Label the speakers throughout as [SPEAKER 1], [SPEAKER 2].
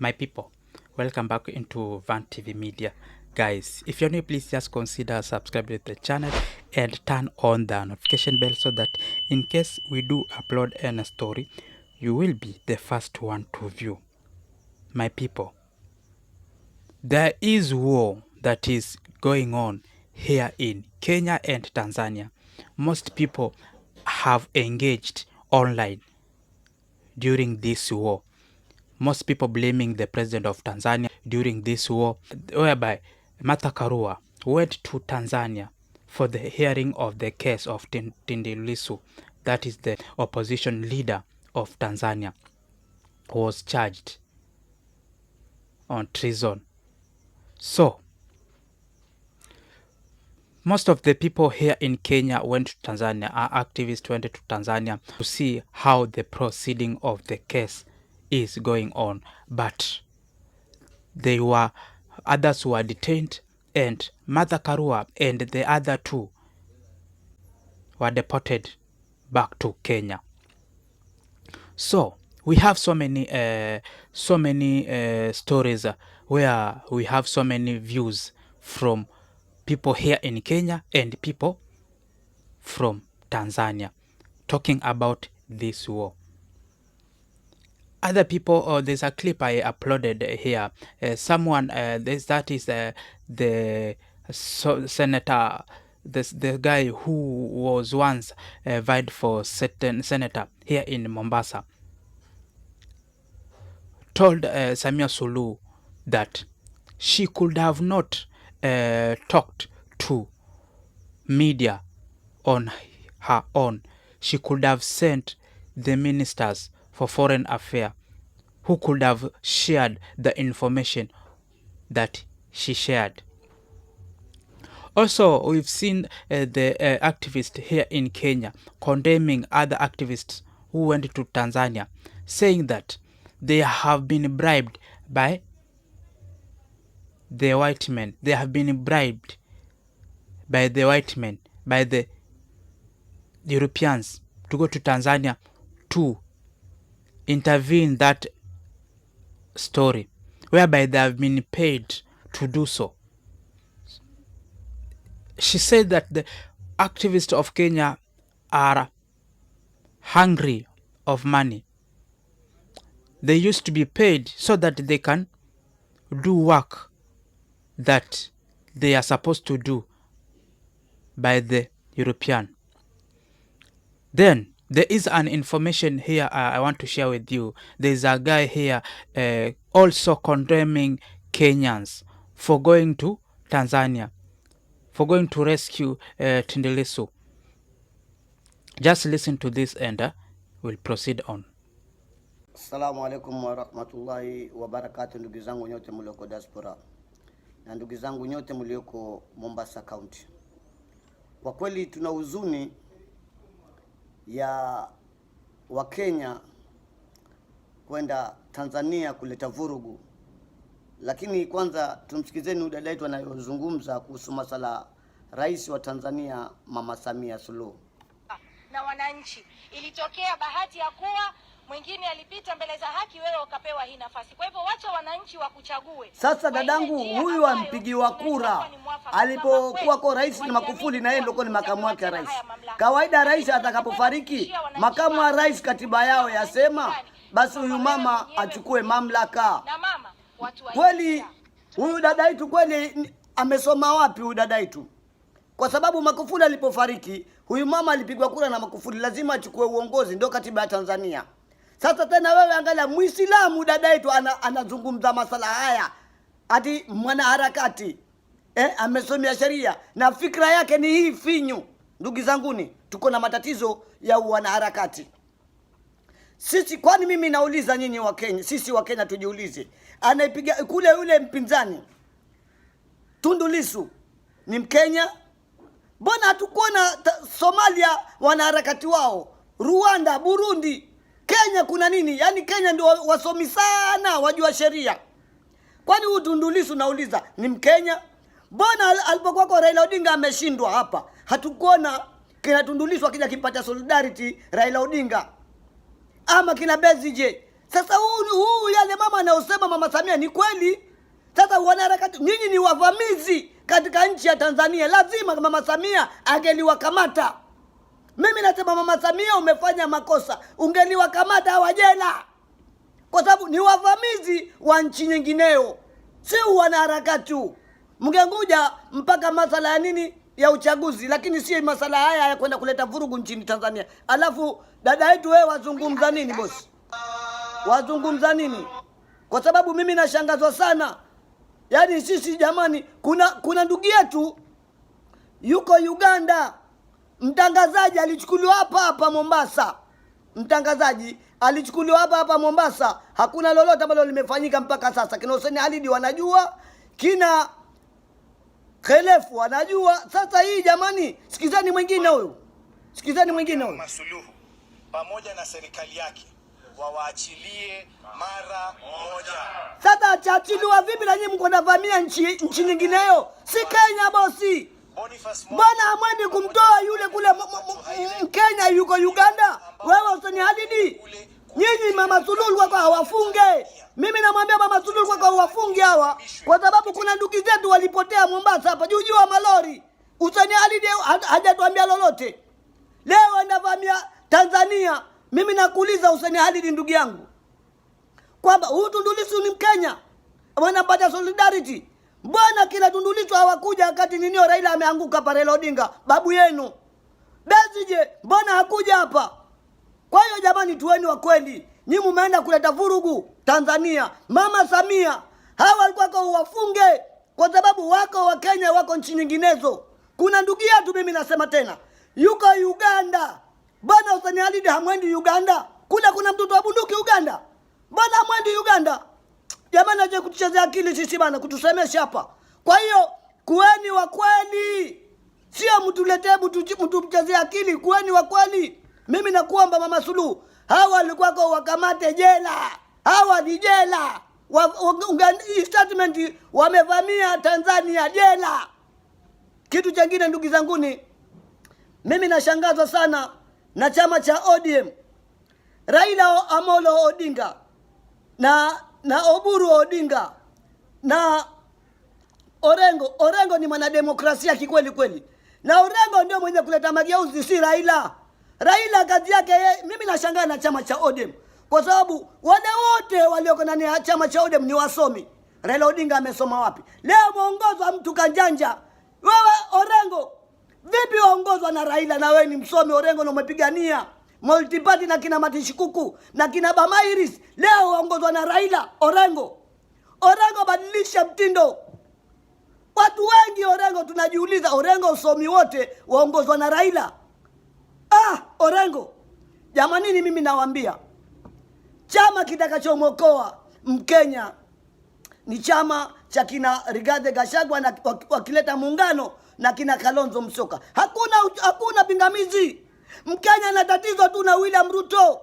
[SPEAKER 1] my people welcome back into van tv media guys if you're new please just consider subscribing to the channel and turn on the notification bell so that in case we do upload any story you will be the first one to view my people there is war that is going on here in kenya and tanzania most people have engaged online during this war most people blaming the president of Tanzania during this war, whereby Martha Karua went to Tanzania for the hearing of the case of tindilisu Lissu, that is the opposition leader of Tanzania, who was charged on treason. So, most of the people here in Kenya went to Tanzania, our activists went to Tanzania to see how the proceeding of the case is going on, but they were others were detained and Martha Karua and the other two were deported back to Kenya. So we have so many uh, so many uh, stories where we have so many views from people here in Kenya and people from Tanzania talking about this war other people oh, there's a clip i uploaded here uh, someone uh, this that is uh, the so senator this the guy who was once uh, vied for certain senator here in mombasa told uh, samia sulu that she could have not uh, talked to media on her own she could have sent the ministers for Foreign affair who could have shared the information that she shared. Also, we've seen uh, the uh, activist here in Kenya condemning other activists who went to Tanzania, saying that they have been bribed by the white men. They have been bribed by the white men, by the Europeans to go to Tanzania to intervene that story whereby they have been paid to do so. She said that the activists of Kenya are hungry of money. They used to be paid so that they can do work that they are supposed to do by the European. Then there is an information here uh, I want to share with you. There's a guy here uh, also condemning Kenyans for going to Tanzania, for going to rescue uh, Tindelesu. Just listen to this and uh, we'll proceed on.
[SPEAKER 2] Assalamu alaikum warahmatullahi wabarakatu, ndugu zangu nyote mlioko diaspora na ndugu zangu nyote mlioko Mombasa County. Kwa kweli tuna huzuni ya Wakenya kwenda Tanzania kuleta vurugu. Lakini kwanza tumsikizeni dada yetu anayozungumza kuhusu masala rais wa Tanzania Mama Samia Suluhu
[SPEAKER 1] na wananchi. Ilitokea bahati ya kuwa mwingine alipita mbele za haki, wewe ukapewa hii nafasi. Kwa hivyo wacha wananchi wakuchague. Sasa dadangu
[SPEAKER 2] huyu ampigiwa kura alipokuwa kwa rais na Magufuli, na yeye ndio ni makamu wake rais. Kawaida rais atakapofariki, makamu wa rais katiba yao yasema basi huyu mama achukue mamlaka. Kweli huyu dada yetu kweli amesoma wapi huyu dada yetu? Kwa sababu Magufuli alipofariki, huyu mama alipigwa kura na Magufuli, lazima achukue uongozi, ndio katiba ya Tanzania. Sasa tena wewe angalia, Muislamu dada yetu anazungumza masala haya, ati mwanaharakati eh, amesomea sheria na fikra yake ni hii finyu. Ndugu zanguni, tuko na matatizo ya wanaharakati sisi. Kwani mimi nauliza nyinyi Kenya, sisi Kenya tujiulize, anaipiga kule yule mpinzani Tundu Lissu ni Mkenya? Mbona hatukuona Somalia wanaharakati wao, Rwanda, Burundi Kenya kuna nini? Yaani Kenya ndio wasomi sana, wajua sheria. Kwani huyu Tundu Lissu nauliza ni Mkenya? Mbona alipokuwa Raila Odinga ameshindwa hapa? Hatukuona kina Tundu Lissu akija kipata solidarity Raila Odinga. Ama kina Besigye. Sasa huu huu yale mama anayosema Mama Samia ni kweli. Sasa wanaharakati nyinyi ni wavamizi katika nchi ya Tanzania. Lazima Mama Samia angeliwakamata. Mimi nasema Mama Samia, umefanya makosa, ungeniwakamata hawa jela, kwa sababu ni wavamizi wa nchi nyingineo si wanaharakati tu. Mngenguja mpaka masala ya nini ya uchaguzi, lakini si masala haya ya kwenda kuleta vurugu nchini Tanzania. Alafu dada yetu wewe, wazungumza nini bosi? Wazungumza nini? Kwa sababu mimi nashangazwa sana, yaani sisi jamani, kuna kuna ndugu yetu yuko Uganda Mtangazaji alichukuliwa hapa hapa Mombasa, mtangazaji alichukuliwa hapa hapa Mombasa. Hakuna lolote ambalo limefanyika mpaka sasa. Kina Hussein Halidi wanajua, kina Khelefu wanajua. Sasa hii jamani, sikizani mwingine huyu, sikizani mwingine huyu. Masuluhu pamoja na serikali yake wawaachilie mara moja. Sasa achaachiliwa vipi na nyinyi mko navamia nchi nchi nyingineyo? Si Kenya bosi. Mbona hamwendi kumtoa yule kule Mkenya yuko Uganda? Wewe usinihalidi nyinyi. Mama Sululu wako hawafunge, mimi namwambia Mama Sululu wako hawafunge hawa, kwa sababu kuna ndugu zetu walipotea Mombasa hapa juu wa malori. Usinihalidi hajatuambia lolote. Leo anavamia Tanzania. Mimi nakuuliza usinihalidi ndugu yangu, kwamba huyu Tundu Lissu ni Mkenya, wanapata solidarity Bwana kila Tundu Lissu hawakuja wakati ninio Raila ameanguka hapa, Raila Odinga babu yenu. Besigye mbona hakuja hapa? Kwa hiyo jamani, tuweni wa kweli, nyi mumeenda kuleta vurugu Tanzania. Mama Samia hawa walikuwa kwa uwafunge, kwa sababu wako wa Kenya wako nchi nyinginezo. Kuna ndugu yetu, mimi nasema tena, yuko Uganda. Bwana Hussein Alidi hamwendi Uganda? Kule kuna mtoto wa bunduki Uganda, mbona hamwendi Uganda? Jamani, aje kutuchezea akili sisi bana, kutusemesha hapa. Kwa hiyo kuweni wa kweli, sio mtuletee mtuchezee akili. Kuweni wa kweli. Mimi nakuomba Mama Suluhu, hawa walikuwako wakamate jela, hawa ni jela wa, statement wamevamia Tanzania jela. Kitu chengine ndugu zanguni, mimi nashangazwa sana na chama cha ODM Raila Amolo Odinga na na Oburu Odinga na Orengo. Orengo ni mwanademokrasia kikweli kweli, na Orengo ndio mwenye kuleta mageuzi, si Raila. Raila kazi yake ye, mimi nashangaa na chama cha ODM kwa sababu wale wote walioko ndani ya chama cha ODM ni wasomi. Raila Odinga amesoma wapi? Leo mwongozwa mtu kanjanja. Wewe Orengo, vipi waongozwa na Raila na wewe ni msomi Orengo na umepigania Multiparty na kina Matishikuku na kina Bamairis leo waongozwa na Raila Orengo. Orengo, badilisha mtindo. Watu wengi Orengo tunajiuliza, Orengo usomi wote waongozwa na Raila. Ah, Orengo jamanini, mimi nawaambia chama kitakachomokoa Mkenya ni chama cha kina Rigathi Gachagua na wakileta muungano na kina Kalonzo Musyoka, hakuna hakuna pingamizi. Mkenya ana tatizo tu na William Ruto.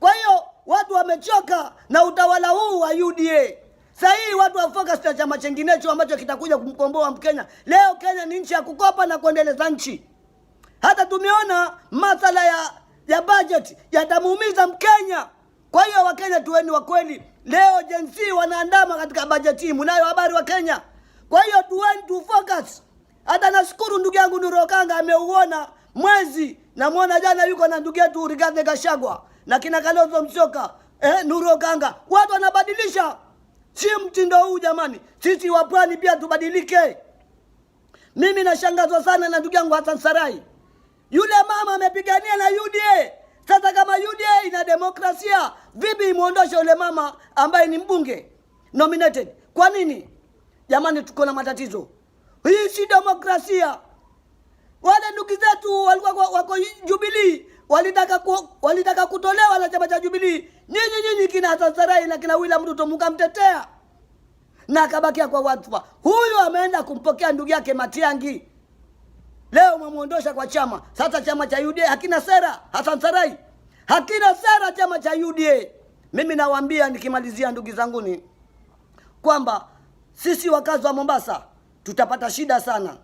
[SPEAKER 2] Kwa hiyo watu wamechoka na utawala huu wa UDA. Sasa hii watu wa focus na chama chenginecho ambacho kitakuja kumkomboa Mkenya. Leo Kenya ni nchi ya kukopa na kuendeleza nchi. Hata tumeona masala ya ya budget yatamuumiza Mkenya. Kwa hiyo Wakenya tuweni wa kweli. Leo Gen Z wanaandama katika bajeti hii. Mnayo habari wa Kenya. Kwa hiyo tuweni tu focus. Hata nashukuru ndugu yangu Nurokanga ameuona mwezi namwona jana yuko na ndugu yetu Rigathi Gachagua na kina Kalonzo Musyoka eh, Nuru Okanga, watu wanabadilisha. Si mtindo huu jamani, sisi wa pwani pia tubadilike. Mimi nashangazwa sana na ndugu yangu Hassan Sarai, yule mama amepigania na UDA. Sasa kama UDA ina demokrasia, vipi imuondoshe yule mama ambaye ni mbunge nominated? Kwa nini jamani? Tuko na matatizo, hii si demokrasia. Wale ndugu zetu walikuwa wako jubilii walitaka ku, walitaka kutolewa na chama cha jubilii Nyinyi nyinyi kina Hassan Sarai na kina William Ruto mkamtetea na akabakia kwa wadhifa. Huyu ameenda kumpokea ndugu yake Matiangi, leo mwamwondosha kwa chama. Sasa chama cha UDA hakina sera, Hassan Sarai hakina sera, chama cha UDA. Mimi nawaambia nikimalizia, ndugu zanguni, kwamba sisi wakazi wa Mombasa tutapata shida sana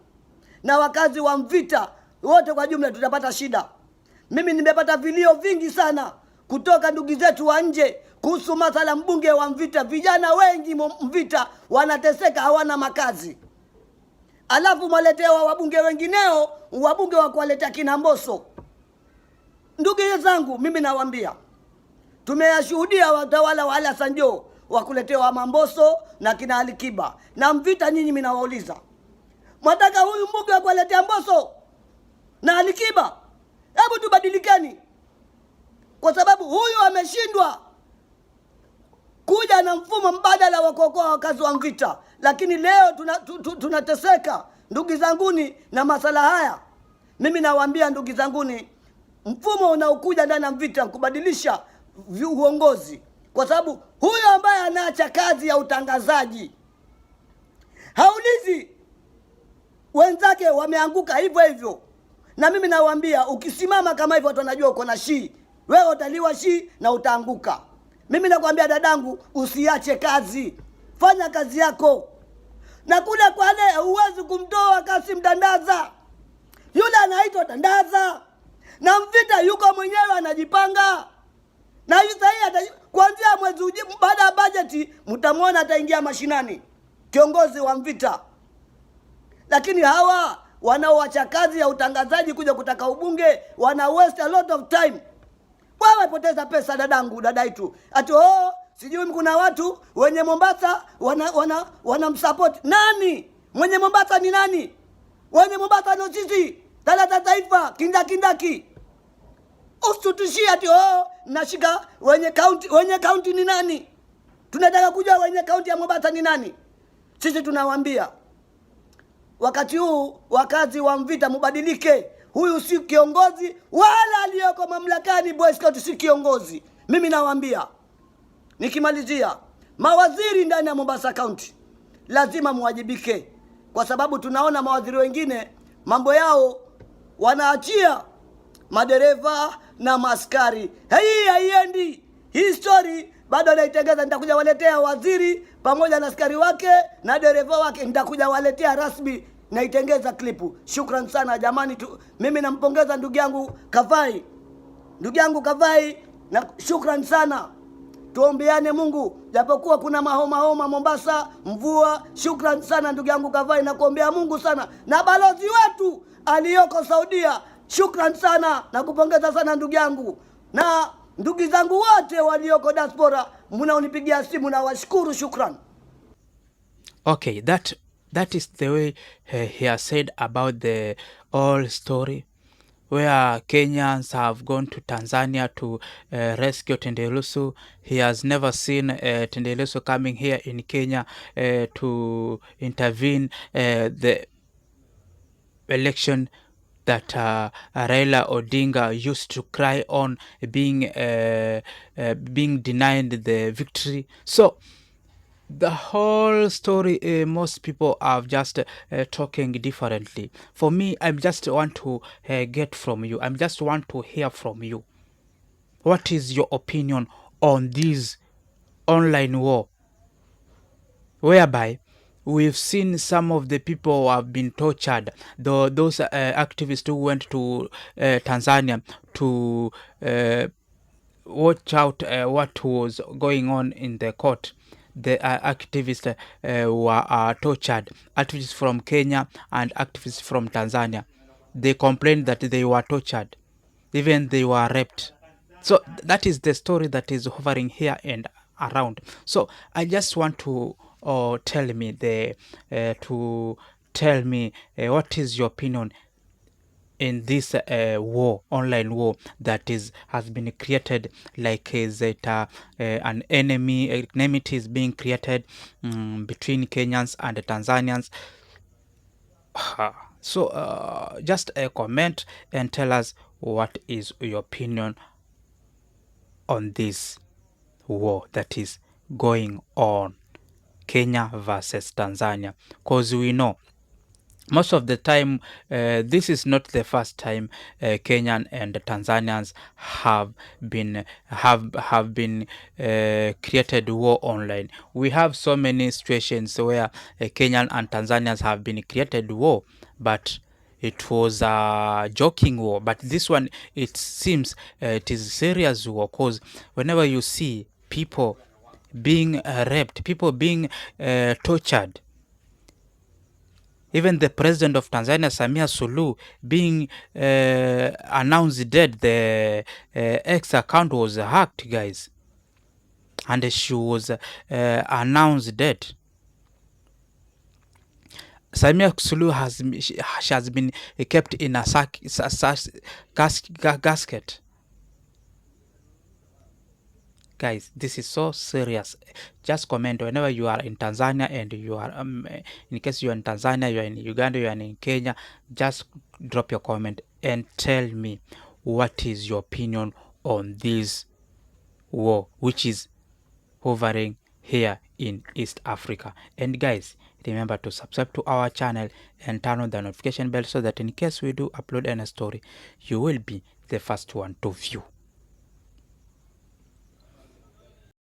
[SPEAKER 2] na wakazi wa Mvita wote kwa jumla tutapata shida. Mimi nimepata vilio vingi sana kutoka ndugu zetu wa nje kuhusu masala mbunge wa Mvita. Vijana wengi Mvita wanateseka, hawana makazi, alafu mwaletewa wabunge wengineo, wabunge wa kuwaletea kina Mboso. Ndugu zangu, mimi nawaambia, tumeyashuhudia watawala wa Alasanjo wakuletewa mamboso na kina Alikiba na Mvita. Nyinyi minawauliza Mwataka huyu Mbuge akuwaletea Mbosso na Alikiba? Hebu tubadilikeni, kwa sababu huyu ameshindwa kuja na mfumo mbadala wa kuokoa wakazi wa Mvita, lakini leo tunateseka, tuna ndugu zanguni na masala haya. Mimi nawaambia ndugu zanguni, mfumo unaokuja ndani ya Mvita kubadilisha uongozi, kwa sababu huyo ambaye anaacha kazi ya utangazaji haulizi wenzake wameanguka hivyo hivyo. Na mimi nawaambia, ukisimama kama hivyo, watu wanajua uko na shii, wewe utaliwa shii na utaanguka. Mimi nakwambia dadangu, usiache kazi, fanya kazi yako. Na kule kwale huwezi kumtoa Kasim Dandaza, yule anaitwa Dandaza na Mvita yuko mwenyewe anajipanga na sahii, kuanzia mwezi baada ya bajeti mtamwona ataingia mashinani, kiongozi wa Mvita lakini hawa wanaoacha kazi ya utangazaji kuja kutaka ubunge wana waste a lot of time. Wamepoteza pesa, dadangu, dadaitu ati oh, sijui kuna watu wenye Mombasa wana wana wanamsupport nani? Mwenye Mombasa ni nani? Wenye Mombasa ni sisi talata taifa kindakindaki. Usitutushie ati oh, nashika wenye county. Wenye county ni nani? Tunataka kujua wenye county ya Mombasa ni nani? Sisi tunawaambia wakati huu, wakazi wa Mvita mubadilike. Huyu si kiongozi wala aliyoko mamlakani. Boy Scout si kiongozi. Mimi nawaambia nikimalizia, mawaziri ndani ya Mombasa County lazima muwajibike, kwa sababu tunaona mawaziri wengine mambo yao wanaachia madereva na maskari. Hii haiendi hii story bado naitengeza. Nitakuja waletea waziri pamoja na askari wake na dereva wake, nitakuja waletea rasmi naitengeza klipu. Shukran sana jamani tu, mimi nampongeza ndugu yangu Kavai, ndugu yangu Kavai na shukran sana. Tuombeane Mungu, japokuwa kuna mahoma homa Mombasa, mvua. Shukran sana ndugu yangu Kavai na kuombea Mungu sana, na balozi wetu aliyoko Saudia, shukran sana na kupongeza sana ndugu yangu na ndugu zangu wote walioko diaspora, mnaonipigia simu na washukuru, shukran.
[SPEAKER 1] Okay, that That is the way uh, he has said about the old story where Kenyans have gone to Tanzania to uh, rescue Tendelusu. He has never seen uh, Tendelusu coming here in Kenya uh, to intervene uh, the election that uh, Raila Odinga used to cry on being uh, uh, being denied the victory. So the whole story uh, most people are just uh, talking differently for me i just want to uh, get from you i just want to hear from you what is your opinion on this online war whereby we've seen some of the people who have been tortured the, those uh, activists who went to uh, tanzania to uh, watch out what was going on in the court the uh, activists uh, were uh, tortured, activists from Kenya and activists from Tanzania. They complained that they were tortured, even they were raped. So that is the story that is hovering here and around. So I just want to uh, tell me the uh, to tell me uh, what is your opinion in this uh, war, online war that is has been created, like is uh, it uh, uh, an enemy uh, enmity is being created um, between Kenyans and Tanzanians. So uh, just a comment and tell us what is your opinion on this war that is going on Kenya versus Tanzania, because we know most of the time uh, this is not the first time uh, Kenyan and Tanzanians have been have have been uh, created war online. We have so many situations where uh, Kenyan and Tanzanians have been created war, but it was a joking war. But this one, it seems uh, it is serious war because whenever you see people being uh, raped, people being uh, tortured even the president of Tanzania Samia Suluhu being uh, announced dead the uh, ex account was hacked guys and she was uh, announced dead Samia Suluhu has, she has been kept in a sack, sack, sack, gasket guys this is so serious just comment whenever you are in tanzania and you are um, in case you are in tanzania you are in uganda you are in kenya just drop your comment and tell me what is your opinion on this war which is hovering here in east africa and guys remember to subscribe to our channel and turn on the notification bell so that in case we do upload any story you will be the first one to view